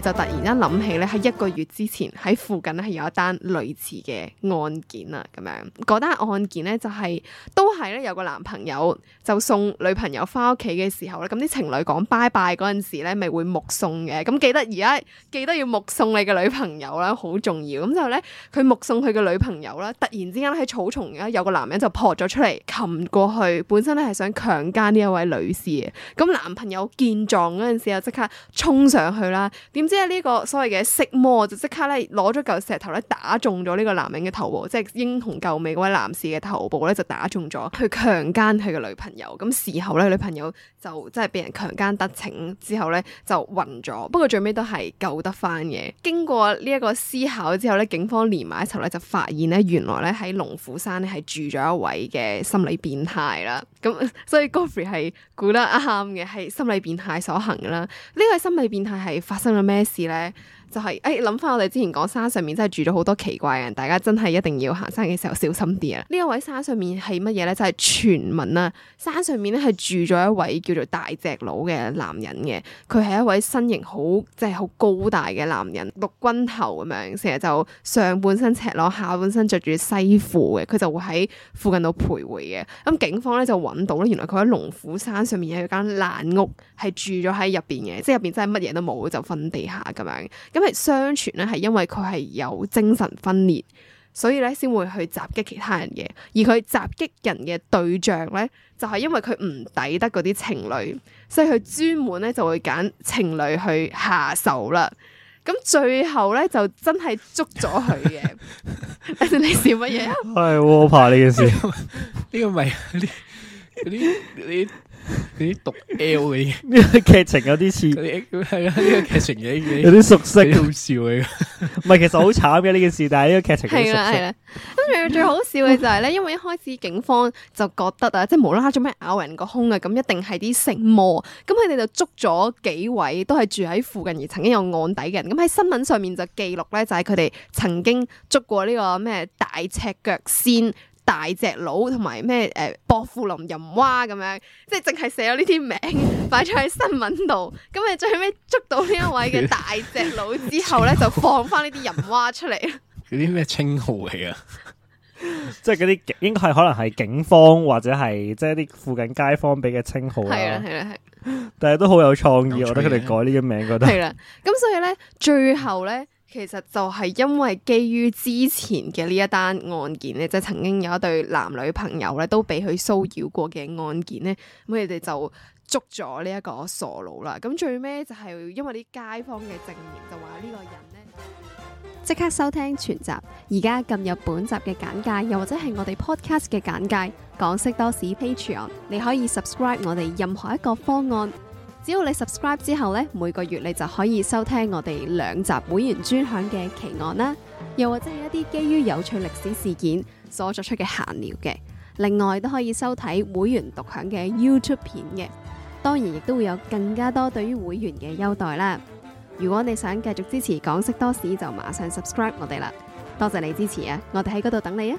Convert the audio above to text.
就突然間諗起咧，喺一個月之前喺附近咧係有一單類似嘅案件啦，咁樣嗰單案件咧就係、是、都係咧有個男朋友就送女朋友翻屋企嘅時候咧，咁、嗯、啲情侶講拜拜嗰陣時咧咪會目送嘅，咁記得而家記得要目送你嘅女朋友啦，好重要。咁、嗯、就後咧佢目送佢嘅女朋友啦，突然之間喺草叢啊有個男人就撲咗出嚟擒過去，本身咧係想強姦呢一位女士嘅，咁、嗯、男朋友見狀嗰陣時又即刻衝上去啦，即係呢個所謂嘅色魔就即刻咧攞咗嚿石頭咧打中咗呢個男人嘅頭部，即係英雄救美嗰位男士嘅頭部咧就打中咗，去強奸佢嘅女朋友。咁事後咧，女朋友就即係俾人強奸得逞之後咧就暈咗，不過最尾都係救得翻嘅。經過呢一個思考之後咧，警方連埋一齊咧就發現咧原來咧喺龍虎山咧係住咗一位嘅心理變態啦。咁所以 Godfrey 係估得啱嘅，係心理變態所行嘅啦。呢個心理變態係發生咗咩？咩事咧？就係、是，誒諗翻我哋之前講山上面真係住咗好多奇怪嘅人，大家真係一定要行山嘅時候小心啲啊！呢一位山上面係乜嘢咧？就係傳聞啦。山上面咧係住咗一位叫做大隻佬嘅男人嘅，佢係一位身形好即係好高大嘅男人，陸軍頭咁樣，成日就上半身赤裸，下半身著住西褲嘅，佢就會喺附近度徘徊嘅。咁警方咧就揾到啦，原來佢喺龍虎山上面有一間爛屋，係住咗喺入邊嘅，即係入邊真係乜嘢都冇，就瞓地下咁樣。因為相傳咧，係因為佢係有精神分裂，所以咧先會去襲擊其他人嘅。而佢襲擊人嘅對象咧，就係因為佢唔抵得嗰啲情侶，所以佢專門咧就會揀情侶去下手啦。咁最後咧就真係捉咗佢嘅。 你什笑乜嘢啊？係我怕呢件事，呢個咪呢嗰啲呢？啲毒 L 嘅，劇情有啲似，係啊， 呢、這個劇情有啲熟悉，好笑嚟唔係，其實好慘嘅呢件事，但係呢個劇情係啦係啦。跟住 最好笑嘅就係咧，因為一開始警方就覺得啊， 即係無啦啦做咩咬人個胸啊，咁一定係啲食魔。咁佢哋就捉咗幾位都係住喺附近而曾經有案底嘅人。咁喺新聞上面就記錄咧，就係佢哋曾經捉過呢個咩大赤腳仙。大隻佬同埋咩誒，薄扶林淫娃咁樣，即係淨係寫咗呢啲名擺咗喺新聞度。咁你最尾捉到呢一位嘅大隻佬之後咧，就放翻呢啲淫娃出嚟。嗰啲咩稱號嚟啊？ 即係嗰啲警，應該係可能係警方或者係即係啲附近街坊俾嘅稱號啦。係啦係啦係，但係都好有創意， 我覺得佢哋改呢個名覺得係啦 咁所以咧，最後咧。其實就係因為基於之前嘅呢一單案件咧，即係曾經有一對男女朋友咧都俾佢騷擾過嘅案件咧，咁佢哋就捉咗呢一個傻佬啦。咁最尾就係因為啲街坊嘅證言就話呢個人咧，即刻收聽全集。而家撳入本集嘅簡介，又或者係我哋 podcast 嘅簡介。港識多史 Patreon 你可以 subscribe 我哋任何一個方案。只要你 subscribe 之後咧，每個月你就可以收聽我哋兩集會員專享嘅奇案啦，又或者係一啲基於有趣歷史事件所作出嘅閒聊嘅。另外都可以收睇會員獨享嘅 YouTube 片嘅，當然亦都會有更加多對於會員嘅優待啦。如果你想繼續支持港識多史，就馬上 subscribe 我哋啦。多謝你支持啊，我哋喺嗰度等你啊！